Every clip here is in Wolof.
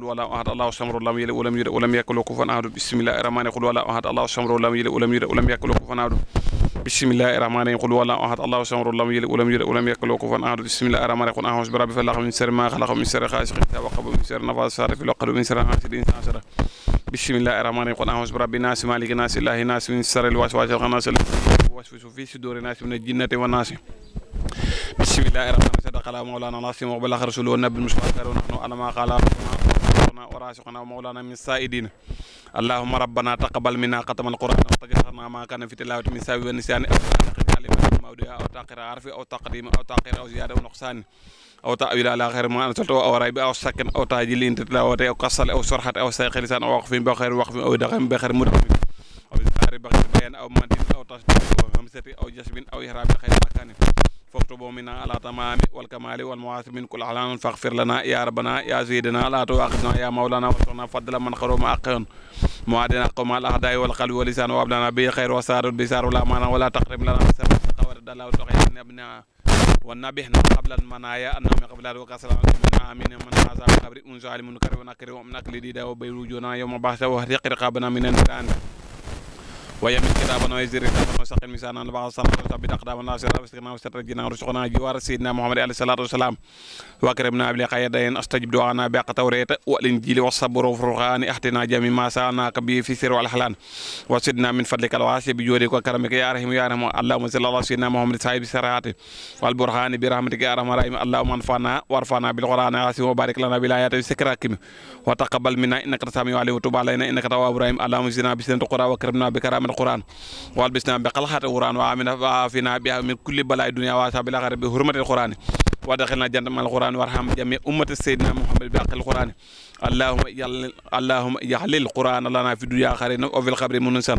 قل ولا أحد الله الصمد لم يلد ولم يولد ولم يكن له كفوا أحد بسم الله الرحمن قل ولا أحد الله الصمد لم يلد ولم يولد ولم يكن له كفوا أحد بسم الله الرحمن قل ولا أحد الله الصمد لم يلد ولم يولد ولم يكن له كفوا أحد بسم الله الرحمن الرحيم قل أعوذ برب الفلق من شر ما خلق من شر غاسق إذا وقب من شر النفاثات في العقد من شر حاسد إذا حسد بسم الله الرحمن قل أعوذ برب الناس مالك الناس الله الناس من شر الوسواس الخناس الوسوس في صدور الناس من الجنة والناس بسم الله الرحمن الرحيم صدق الله مولانا العظيم وبلغ رسوله النبي المصطفى ونحن على ما قال وراشقنا ومولانا من السائدين اللهم ربنا تقبل منا ختم القرآن وتجهرنا ما كان في تلاوة من ساوي والنسيان أو كلمة أو تاقير عرف أو تقديم أو تاقير أو زيادة ونقصان أو تأويل على غير ما أنزلته أو ريب أو سكن أو تعجيل إن تلاوته أو كسل أو سرحة أو سيق لسان أو وقف بخير وقف أو دغم بخير مدغم أو إزهار بخير بيان أو مدين أو تصديق أو همسة أو جسم أو إهراب بخير مكان فاكتبوا منا على تمام والكمال والمواثب من كل أعلان فاغفر لنا يا ربنا يا زيدنا لا تؤاخذنا يا مولانا وارزقنا فضلا من خروم أقن معادنا قوم الأعداء والقلب واللسان وابلنا لنا به خير وسار بسار والأمانة ولا تقرب لنا بسر التقوى ورد الله وتقيا ابنها والنبهنا قبل المنايا أن نعم قبل قبل سلام من آمين من هذا قبر أنزع المنكر ونكر ومنك لديدا وبيروجنا يوم بعث وهرق رقابنا من النيران ويمن كتابنا ويزير كتابنا ويسخ الميزان على بعض الصلاة وثبت أقدامنا وسر واستغنى وستر جنا ورزقنا جوار سيدنا محمد عليه الصلاة والسلام وأكرمنا بلقاء يدين أستجب دعانا بأق توريت والإنجيل والصبر والفرقان احتنا جميع ما سانا به في سر والأحلان وسدنا من فضلك الواسع بجودك وكرمك يا رحيم يا رحيم اللهم صل على سيدنا محمد صاحب السرعات والبرهان برحمتك يا رحمن الرحيم اللهم انفعنا وارفعنا بالقرآن العظيم وبارك لنا بالآيات وسكراكم وتقبل منا إنك سميع عليه وتب علينا إنك تواب رحيم اللهم زدنا بسنة القرى وكرمنا بكرامة القرآن والبسنا بقلحة القرآن وعمنا فينا بها من كل بلاء دنيا وعافنا بالآخرة حرمه القرآن ودخلنا جنة من القرآن وارحم جميع أمة سيدنا محمد باقي القرآن اللهم يعلل اللهم يعلل القرآن لنا في الدنيا آخرين وفي القبر منسان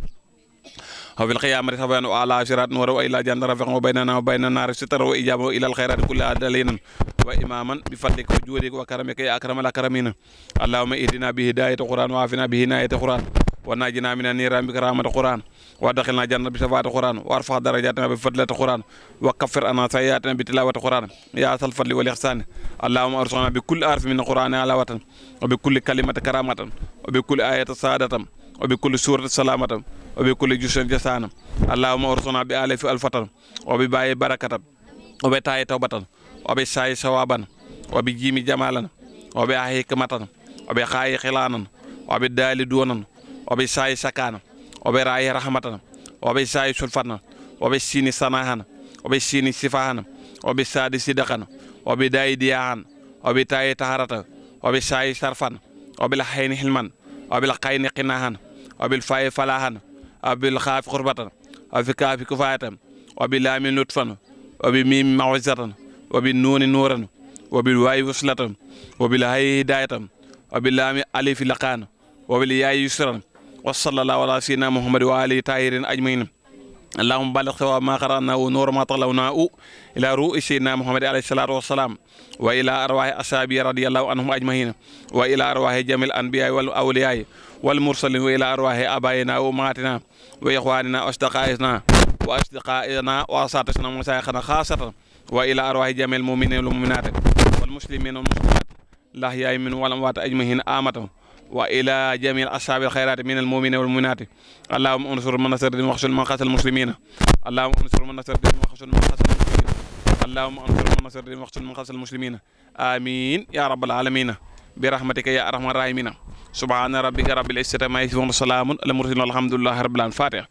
وفي القيامة صفيان وعلى شرات نور وإلى جنة رفق وبيننا وبين النار ستر وإجابة إلى الخير كل دليلا وإماما بفضلك وجودك وكرمك يا أكرم الأكرمين اللهم اهدنا بهداية القرآن وعافنا بهناية القرآن وناجنا من النيران بكرامة القرآن وادخلنا جنة بشفاعة القرآن وارفع درجاتنا بفضلة القرآن وكفر عنا سيئاتنا بتلاوة القرآن يا أصل فضل والإحسان اللهم أرسلنا بكل حرف من القرآن وطن وبكل كلمة كرامة وبكل آية سعادة وبكل سورة سلامة وبكل جزء جسانا اللهم أرسلنا بآلف الفتن وبباي بركة وبتاي توبة وبساي ثوابا وبجيم جمالا وبأحيك متن وبخاي خلانا وبدال دونا obe sayi sakana obe rayi rahmatana obe sayi sulfana obe sini sanahana obe sini sifa obe sadi sidakana obe dayi diya obe oɓe taharata obe sayi sarfana obe la hayni hilman obe la kayni qina hana oɓe fayi fala hana la khafi qurbatan oɓe kafi kufayatan oɓe lami lutfan obe mim mawzatan obe nuni nuran obe wayi wuslatan obe la hayi hidayatan oɓe lami alif laqana oɓe la yayi وصلى الله على سيدنا محمد وعلى طاهرين أجمعين اللهم بلغ ثواب ما قرانا ونور ما طلبناه إلى روح سيدنا محمد عليه الصلاة والسلام وإلى أرواح أصحابه رضي الله عنهم أجمعين وإلى أرواح جميع الأنبياء والأولياء والمرسلين وإلى أرواح أبائنا وأمهاتنا وإخواننا وأصدقائنا وأصدقائنا وأساتذتنا ومشايخنا خاصة وإلى أرواح جميع المؤمنين والمؤمنات والمسلمين والمسلمات لا من ولا أموات أجمعين آمتهم وإلى جميع أصحاب الخيرات من المؤمنين والمؤمنات اللهم انصر من نصر الدين واخشل من قتل المسلمين اللهم انصر من نصر الدين واخشل من قتل المسلمين اللهم انصر من نصر الدين واخشل من قتل المسلمين آمين يا رب العالمين برحمتك يا أرحم الراحمين سبحان ربك رب العزة ما يصفون وسلام المرسلين والحمد لله رب العالمين فاتحة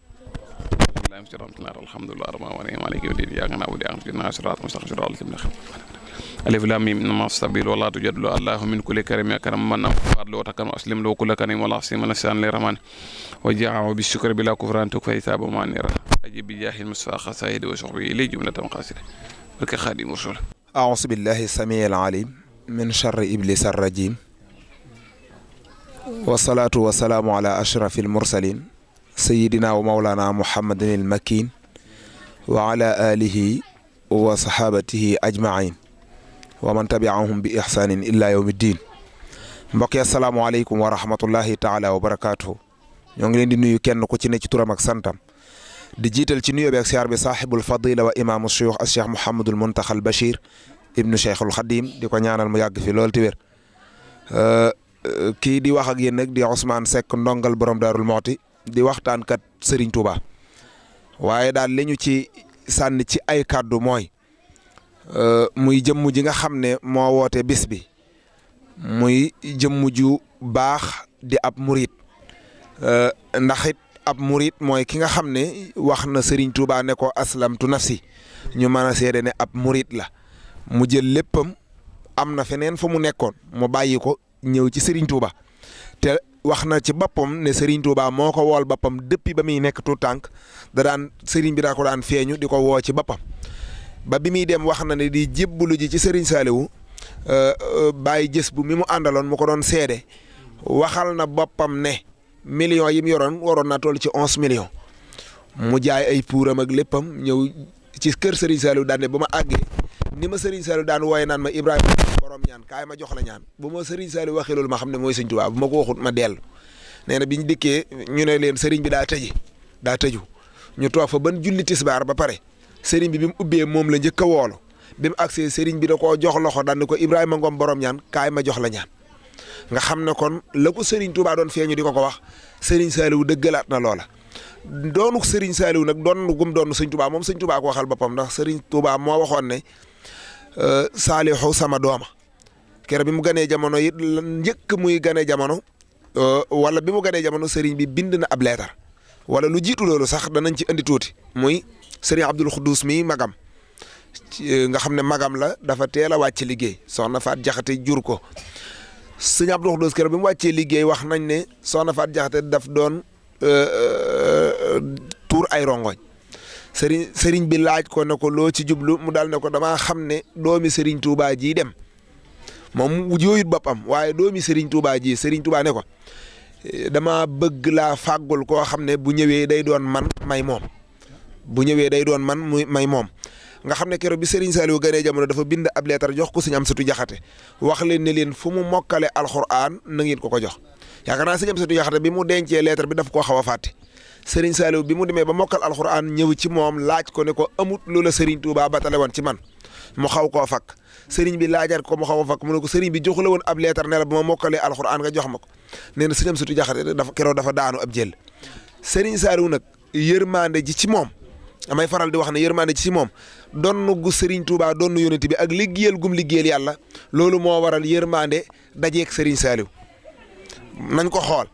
الحمد لله رب العالمين مالك يوم الدين إياك نعبد وإياك نستعين صراط المستقيم صراط الذين أنعمت عليهم ألف لام ميم نما ولا توجد له الله من كل كريم يا كرم من فار لو تكن أسلم لو كل كريم ولا أسلم لا سان لرمان وجاء بالشكر بلا كفران تك في ثاب ما نرى أجيب بجاه المصفى خسائد وشعبي لي جملة مقاسرة لك خادم رسول أعوذ بالله السميع العليم من شر إبليس الرجيم والصلاة والسلام على أشرف المرسلين سيدنا ومولانا محمد المكين وعلى آله وصحابته أجمعين wa man tabiahum bi ihsanin illa yawmi diin mbokk yi asalaamaaleykum wa rahmatullahi taala wa barakaatuhu ñoo ngi leen di nuyu kenn ku ci ne ci turam ak santam di jiital ci nuyoo bi ak siyaar bi saaxibul fadila wa imaamu suyuux al cheikh Mouhamadul Muntaxa al Bachir ibnu cheikhul Xadim di ko ñaanal mu yàgg fi lool ti wér. kii di wax ak yéen nag di Ousmane Seck ndongal borom daarul moxti di waxtaan kat Serigne Touba waaye daal li ñu ci sànni ci ay kàddu mooy. Euh, muy jëmm ji nga xam ne moo woote bis bi muy jëmm ju baax di ab murit euh, ndax it ab murit mooy ki nga xam ne wax na Serigne Touba ne ko aslamtu nafsi ñu mën a seede ne ab murit la mu jël léppam am na feneen fa mu nekkoon mu bàyyi ko ñëw ci Serigne Touba te wax na ci boppam ne Serigne Touba moo ko wool boppam depuis ba muy nekk tout tànk da daan Serigne bi daa ko daan feeñu di ko woo ci boppam. ba bi muy dem wax na ne di jébbalu ji ci Serigne Saliou euh, euh, bàyyi jës bu mi mu àndaloon mu ko doon seede waxal na boppam ne millions yi mu yoroon waroon naa toll ci onze million mu jaay ay puuram ak léppam ñëw ci kër Serigne Saliou daan ne ba ma àggee ni ma Serigne Saliou daan wooye naan ma Ibrahima borom ñaan kaay ma jox la ñaan bu ma Serigne Saliou waxee loolu ma xam ne mooy Serigne Touba bu ma ko waxut ma dellu nee na bi ñu dikkee ñu ne leen Serigne bi daa tëji daa ñu toog fa ban julli tisbaar ba pare. sëriñ bi bi mu ubbee moom la njëkk a woolu bi mu agsee sëriñ bi da ko jox loxo daan ko Ibrahima ngoom borom ñaan kaay ma jox la ñaan nga xam ne kon la ko sëriñ Touba doon feeñu di ko ko wax sëriñ Saliou dëggalaat na loola. doonu sëriñ Saliou nag doon gum doon sëñ moom sëñ ko waxal boppam ndax sëriñ Touba moo waxoon ne Saliou sama dooma keroog bi mu ganee jamono it njëkk muy ganee jamono wala bi mu ganee jamono sëriñ bi bind na ab leetar wala lu jiitu loolu sax danañ ci andi tuuti muy. sëriñ Abdul Xuddus mi magam eh, nga xam ne magam la dafa teel a wàcc liggéey soxna Faat Jaxate jur ko sëriñ Abdul Xuddus keroog bi mu wàccee liggéey wax nañ ne soxna Faat Jaxate daf doon eh, eh, tuur ay rongoñ sëriñ sëriñ bi laaj ko ne ko loo ci jublu mu daal ne ko damaa xam ne doomi sëriñ Touba jii dem moom jooyut boppam waaye doomi sëriñ Touba jii sëriñ Touba ne ko dama bëgg laa fàggul koo xam ne bu ñëwee day doon man may moom. bu ñëwee day doon man muy may moom nga xam ne keroog bi Serigne Saliou gënee jamono dafa bind ab leetar jox ko Sëñ Amsatu Jaxate wax leen ne leen fu mu mokkale alxuraan na ngeen ko ko jox yaakaar naa Sëñ Amsatu Jaxate bi mu dencee leetar bi daf koo xaw a fàtte Serigne Saliou bi mu demee ba mokkal alxuraan ñëw ci moom laaj ko ne ko amut loola Serigne Touba batale woon ci man mu xaw koo fakk sëriñ bi laajaat ko mu xaw a mu ne ko sëriñ bi joxu la woon ab leetar ne la ba ma jox ma ko nee na Sëñ Amsatu Jaxate dafa keroog dafa daanu ab jël Serigne Saliou nag yërmande ji ci moom amay faral di wax ne yërmaande ci si moom donn gu Serigne Touba donn yonent bi ak liggéeyal gum liggéeyal yàlla loolu moo waral yërmaande dajeeg Serigne Saliou nañ ko xool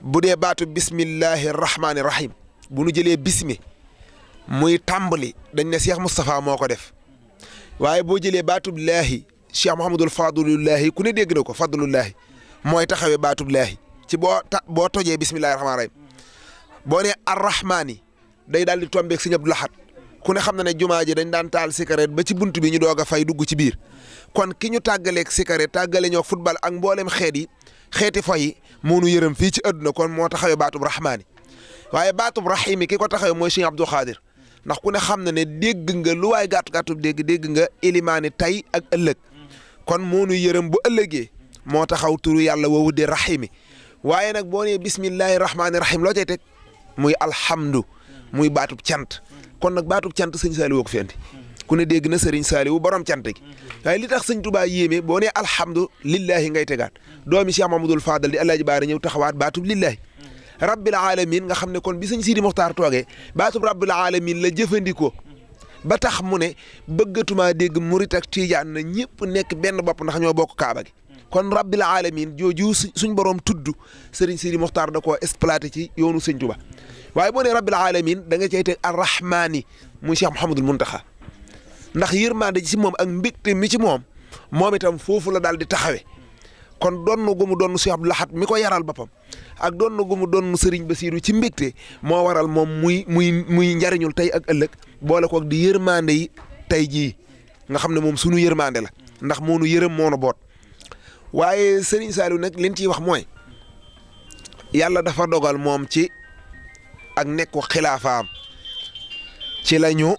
bu dee baatu bismillahi rahmaani rahim bu nu jëlee bismi muy tàmbali dañ ne Cheikh Moustapha moo ko def waaye boo jëlee baatub laahi Cheikh Mouhamadul Fadlullahi ku ne dégg na ko Fadlullahi mooy taxawee baatu laahi ci boo ta boo tojee bismillahi rahmaani rahim boo nee arrahmaani day dal di tombeeg seigne Abdou Lahad ku ne xamna ne jumaa ji dañ daan taal cigarette ba ci buntu bi ñu doga fay dugg ci bir kon ki ñu tagale ak cigarette tagale ñok football ak mbollem xeet yi xeeti fay yi mo nu yërëm fi ci aduna kon mo taxaw batou rahmani waye batou rahimi ki ko taxaw moy seigne Abdou Khadir ndax ku ne xamna ne deg nga lu way gàtt gàttub deg deg nga elimani tay ak ëllëg kon mo nu yërëm bu ëllëgee mo taxaw turu yàlla woowu di rahimi waye nak bo ne bismillahir rahmanir rahim lo tay tek muy alhamdu muy baatub cant kon nag baatub cant sëñ Saliou woo ko fi andi ku ne dégg na sëriñ Saliou borom cant gi waaye li tax sëñ Touba yéeme boo nee alhamdulillahi ngay tegaat doomi Cheikh Mamadou Fadal di Alaaji Baara ñëw taxawaat baatub lillahi rabbil alamin nga xam ne kon bi sëñ Sidi Moxtaar toogee baatub rabbil alamin la jëfandikoo ba tax mu ne bëggatuma dégg murit ak tijaan na ñëpp nekk benn bopp ndax ñoo bokk kaaba gi kon rabbil alamin jooju suñ borom tudd sëriñ da koo exploité ci yoonu sëñ Touba waaye boo nee rabbil alamin da nga cay teg arrahmaani muy Cheikh Mouhamadul Muntaxa ndax yërmande ci moom ak mbégte mi ci moom moom itam foofu la daal di taxawe kon donn gu mu donn Cheikh Abdou Lahad mi ko yaral boppam ak donn gu mu donn Serigne Bassirou ci mbégte moo waral moom muy muy muy njariñul tey ak ëllëg boole koog di yërmande yi tey jii nga xam ne moom sunu yërmande la ndax moo nu yërëm moo nu boot waaye Serigne Saliou nag liñ ciy wax mooy yàlla dafa dogal moom ci ak nekku xilaafaam ci la ñu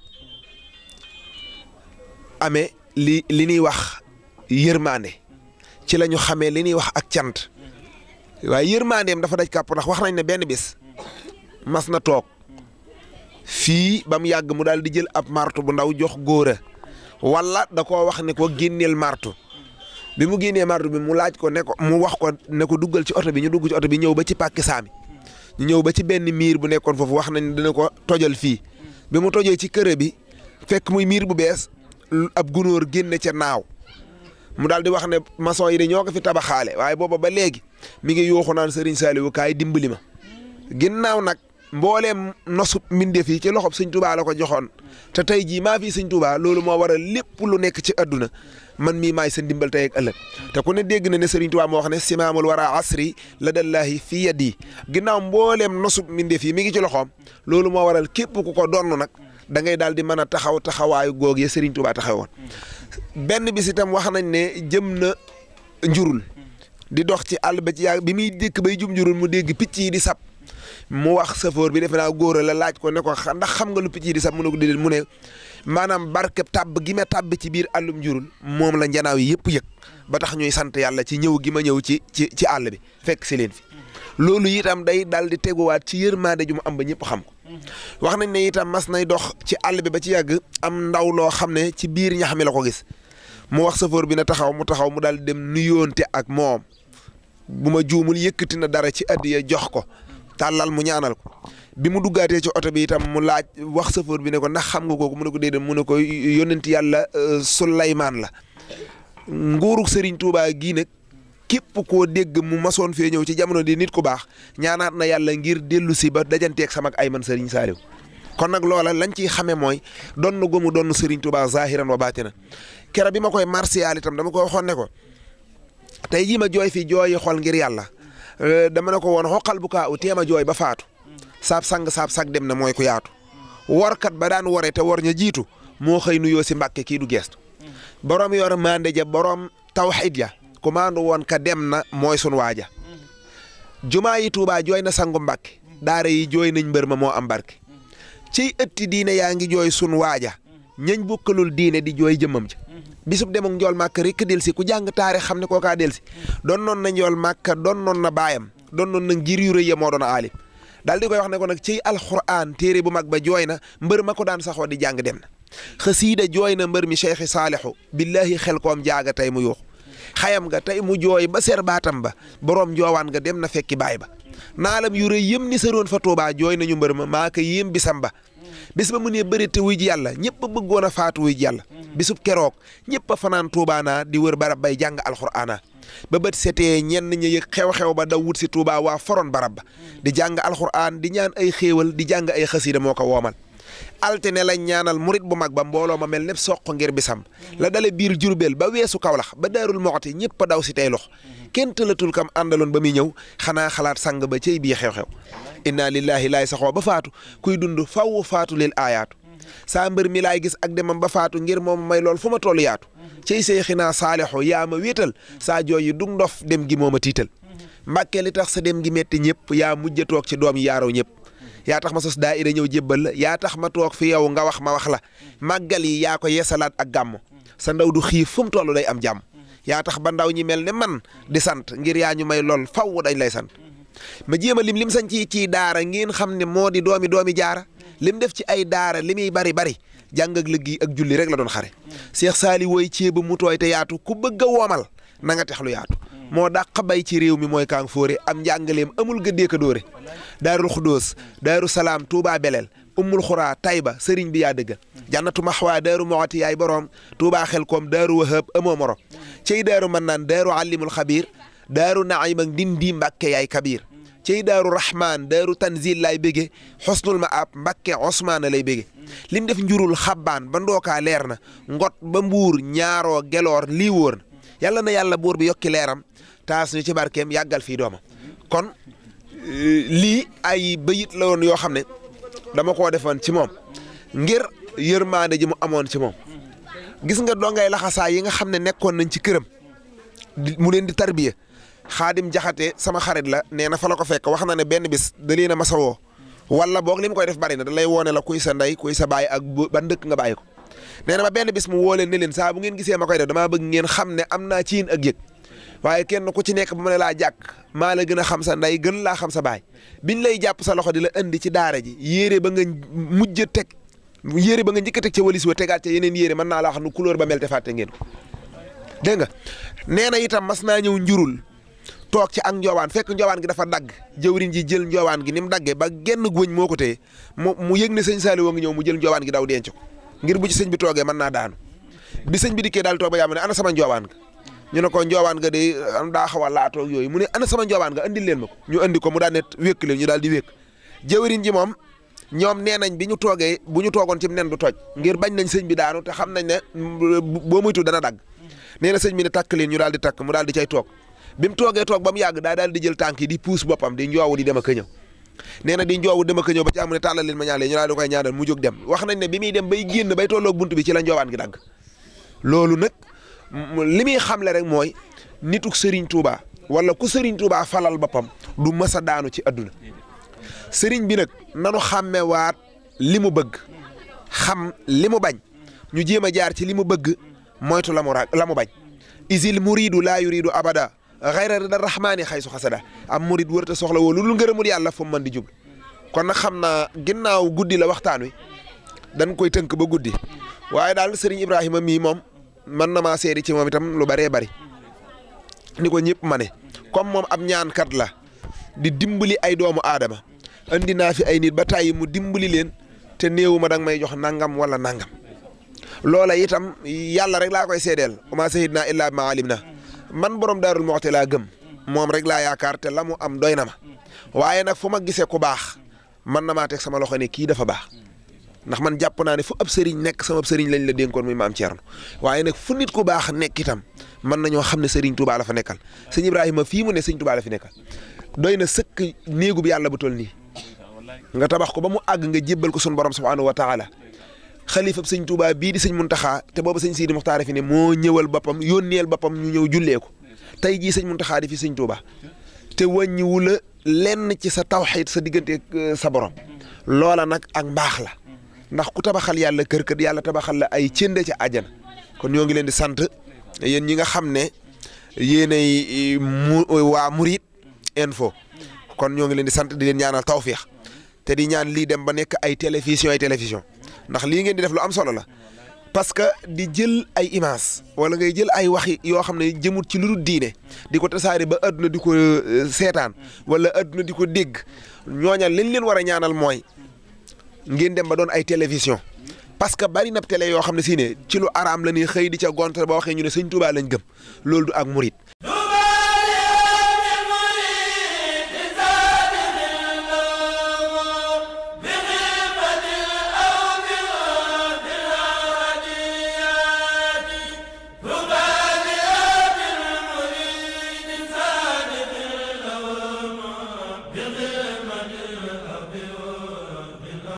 amee li li ñuy wax yërmande ci lañu xame li ñuy wax ak cant waaye yërmandeem dafa daj kàpp ndax wax nañ ne benn bis mas na toog fii ba mu yàgg mu daal di jël ab martu bu ndaw jox góora wala da koo wax ne ko génneel martu bi mu génnee martu bi mu laaj ko ne mu wax ko ne ko duggal ci oto bi ñu dugg ci oto bi ñëw ba ci pàkki saami ñu ñëw ba ci benn miir bu nekkoon foofu wax nañ dina ko tojal fii bi mu tojee ci kër bi fekk muy miir bu bees ab gunóor génne ca naaw mu daal di wax ne maçon yi de ñoo ko fi tabaxaale waaye booba ba léegi mi ngi yooxu naan Serigne Saliou kaay dimbali ma ginnaaw nag mbooleem nosub mbindeef yi ci loxob sëñ Touba la ko joxoon te tey jii maa fi sëñ Touba loolu moo waral lépp lu nekk ci àdduna man mii maay sa dimbal tey ak te ku ne dégg na ne Serigne Touba moo wax ne simaamul a asri la dallahi fii yadi ginnaaw mbooleem nosub mbindeef yi mi ngi ci loxoom loolu moo waral képp ku ko donn nag dangay daal di man a taxaw taxawaayu goog ya Serigne Touba taxawoon benn si tam wax nañ ne jëm na njurul di dox ci àll ba ci bi muy dëkk bay jum njurul mu dégg picc yi di sab mu wax safoor bi defe naa góor la laaj ko ne ko ndax xam nga lu picc yi mu ne maanaam barke tàbb gi ma tàbb ci biir àllum njurul moom la njanaaw yi yëpp yëg ba tax ñuy sant yàlla ci ñëw gi ma ñëw ci ci ci àll bi fekk si leen fi loolu itam day daal di teguwaat ci yërmaande ju mu am ba ñëpp xam ko wax nañ ne itam mas nay dox ci àll bi ba ci yàgg am ndaw loo xam ne ci biir ñax mi la ko gis mu wax safoor bi na taxaw mu taxaw mu daal di dem nuyoonte ak moom bu ma juumul yëkkati na dara ci addiya jox ko tàllal mu ñaanal ko bi mu duggaatee ci oto bi itam mu laaj wax chauffeur bi ne ko ndax xam nga kooku mu ne ko déedéet mu ne ko yónnent yàlla euh, Suleymaan la nguurug sëriñ Touba gii nag képp ko dégg mu masoon fee ñëw ci jamono di nit ku baax ñaanaat na yàlla ngir dellu si ba dajanteeg sama ay man Serigne Saliou kon nag loola lañ ciy xamee mooy donn gomu donn Serigne Touba zahiran wa baatinan kera bi ma koy martial itam dama ko waxoon ne ko tey jii ma jooy fii jooyi xol ngir yàlla euh, dama ne ko woon xoqal bu kaa u teem a jooy ba faatu. Sab sang sab sak dem na moy ku yaatu kat ba daan woré té wor ña jitu mo xey nuyoo si mbacké ki du gestu borom yor mande ja borom tawhid ya ku mandu won ka dem na moy sun waja juma yi tuubaa joy na sangu mbacké daara yi joy nañ mbeur ma mo am barké ci eutti diiné yaangi joy sun waja ñeñ bokkalul diiné di joy jëmam ja bisub ak ndol makka rek del si ku jang taarix xamne ko ka del si don non na ndol makka don non na bayam don non na ngir yu reey ya mo don dal di koy wax ne ko nag ci alquran téere bu mag ba jooy na mbër ma ko daan di jàng dem na xasiida jooy na mbër mi cheikh saalixu billahi xel koom jaaga tey mu yuux xayam ga tey mu jooy ba ser baatam ba borom joowaan ga dem na fekki baay ba naalam yu rëy yëm ni saroon fa Tuubaa jooy nañu mbër ma maa ko yéem bisam ba bis ba mu ne bëri te wuy ji yàlla ñëpp bëggoon a faatu wuy ji yàlla bisub keroog ñëpp a fanaan Tuubaa naa di wër barab bay jàng alxuraana ba bët setee ñenn ñi xew-xew ba daw wut si Touba waa foroon barab ba di jàng alxuraan di ñaan ay xéewal di jàng ay xasida moo ko woomal. altine lañ ñaanal murit bu mag ba mbooloo ma mel ne soq ngir bisam la dale biir jurbeel ba weesu kawlax ba daarul moxoti ñëpp a daw si tey lox kenn tëlatul kam àndaloon ba muy ñëw xanaa xalaat sang ba cey bii xew-xew inna lillahi laay saxoo ba faatu kuy dund faw faatu lil aayaatu saa mbër mi laay gis ak demam ba faatu ngir moom may lool fu ma toll cey naa saalixu yaa ma wéetal saa yi du ndof dem gi moo ma tiital mbàkke li tax sa dem gi metti ñëpp yaa mujj toog ci doom yi yaaroo ñëpp yaa tax ma sos daayira ñëw jébbal yaa tax ma toog fi yow nga wax ma wax la màggal yi yaa ko yeesalaat ak gàmm sa ndaw du xiif fu mu toll day am jàmm yaa tax ba ndaw ñi mel ne man di sant ngir yaa ñu may lool faw dañ lay sant ma jéem a lim lim sañ ci ci daara ngeen xam ne moo di doomi doomi jaara lim def ci ay daara li muy bari bari jàng ak liggéey ak julli rek la doon xare Cheikh sali way ceeba mu tooy te yaatu ku bëgg a womal na nga taxlu yaatu mo dàq bay ci rew mi moy Kang foré am jangaleem amul gëddee ka dóore darul khudus darul salam Touba belel umul khura tayba sëriñ bi ya deug jannatu mahwa daru muati ay borom Touba xel kom daru wahab amo moro cey daru manan daru alimul khabir daaru naayim ak ndindi mbàkke yaay kabiir ciy daaru rahman daaru tanzil lay bége xosnul ma ab mbakke osmaana lay bége lim def njurul xabbaan ba ndookaa leer na ngot ba mbuur ñaaroo geloor lii wóor na yàlla na yàlla buur bi yokki leeram taas ñu ci barkeem yàggal fii doomam kon eh, lii ay bayit la woon yoo xam ne dama ko defoon ci moom ngir yërmaande ji mu amoon ci moom gis nga dongay laxasaa yi nga xam ne nekkoon nañ ci këram mu leen di tarbiya xaadim jaxate sama xarit la nee na fa la ko fekk wax na ne benn bis da leen a wo wala boog li mu koy def bari na da lay woone la kuy sa ndey kuy sa baay ak ban dëkk nga bàyyi ko nee na benn bis mu woo leen ne leen saa bu ngeen gisee ma koy def damaa xam ne am naa ciin ak yëg waaye kenn ku ci nekk bu ne laa jàkk maa la gën a xam sa ndey gën laa xam sa baay biñ lay jàpp sa loxo di la indi ci daara ji yéere ba nga mujj teg yéere ba nga njëkk a teg ca walis wa yeneen yéere mën naa la wax nu couleur ba mel te fàtte ko dégg nga nee na itam mas naa ñëw njurul toog ci ak njoowaan fekk njoowaan gi dafa dagg jëwriñ ji jël njoowaan gi ni mu daggee ba genn wëñ moo ko mu mu yëg ne sëñ woo ngi ñëw mu jël njoowaan gi daw denc ko ngir bu ci sëñ bi toogee mën naa daanu sëñ bi dikkee daal toog ba yaa mu ne sama njoowaan ñu ne ko njoowaan ga day eh, daa yooyu mu ne ana sama njoowaan ga andil leen ma ko ñu andi ko mu daan ne wékk leen ñu daal di wékk jëwriñ ji moom ñoom nee nañ bi ñu toogee bu ñu toogoon ci nen du toj ngir bañ nañ sëñ bi daanu te xam nañ ne mm, boo muytu dana dagg nee na sëñ bi ne takk leen ñu daal di mu daal di cay toog bi mu toogee toog ba mu yàgg daa daal di jël tànk yi di puus boppam di njoowu di dem ak a ñëw nee na di njoowu dem ak a ñëw ba ci am ne tàllal leen ma ñaale ñu laa da koy ñaanal mu jóg dem wax nañ ne bi muy dem bay génn bay tolloog bunt bi ci la njoowaan gi dagg loolu nag li muy xamle rek mooy nituk Serigne tuubaa wala ku Serigne Touba falal boppam du mës a daanu ci adduna Serigne bi nag nanu xàmmewaat li mu bëgg xam li mu bañ ñu jéem a jaar ci li mu bëgg moytu la mu ra la mu bañ isil muridu abada xayra rida rahmaani xay su xasada am murit wërta soxla woo lu dul ngërëmul yàlla fu man mën di jublu kon nag xam naa ginnaaw guddi la waxtaan wi dañ koy tënk ba guddi waaye daal sëriñ Ibrahima mii moom mën na maa seeri ci moom itam lu bëree bari ni ko ñëpp ma ne comme moom ab ñaankat la di dimbali ay doomu aadama andi naa fi ay nit ba tàyyi mu dimbali leen te néewu ma danga may jox nangam wala nangam loola itam yàlla rek laa koy seedeel ma sahid na illaa ma na man borom daarul moxti laa gëm moom rek laa yakaar te la mu am doy na ma waaye nag fu ma gisee ko baax man na maa teg sama loxo ne kii dafa baax ndax man jàpp naa ne fu ab sëriñ nekk sama sëriñ lañ la dénkoon muy maam Thierno waaye nag fu nit ku baax nekk itam mën nañoo xam ne sëriñ Touba la fa nekkal sëñ Ibrahima fii mu ne sëñ Touba la fi nekkal doy na sëkk néegu bi yàlla bu toll nii nga tabax ko ba mu àgg nga jébbal ko sunu borom subhanahu wa taala xalifab sëñ Touba bii di sëñ Muntaxa te booba sëñ Sidi Muxtaar fi ne moo ñëwal boppam yónneel boppam ñu ñëw jullee ko tey jii sëñ Muntaxa di fi sëñ Touba te wàññiwu la lenn ci sa tawxiit sa diggante euh, sa borom loola nag ak mbaax la ndax ku tabaxal yàlla kër kër yàlla tabaxal la ay cënd ca àjjana kon ñoo ngi leen di sant yéen ñi nga xam ne yéenay mu waa Mouride info kon ñoo ngi leen di sant di leen ñaanal tawféex te di ñaan lii dem ba nekk ay télévision ay télévision. ndax lii ngeen di def lu am solo la parce que di jël ay image wala ngay jël ay waxi yoo xam ne jëmut ci lu dul diine di ko tasaare ba àdduna di ko euh, seetaan wala àdduna di ko dégg ñooña liñ leen war a ñaanal mooy ngeen dem ba doon ay télévision parce que bari na tele yoo xam ne si ne ci lu araam la ñuy xëy di ca gontal ba waxee ñu ne sëñ Tuubaa lañ gëm loolu du ak murit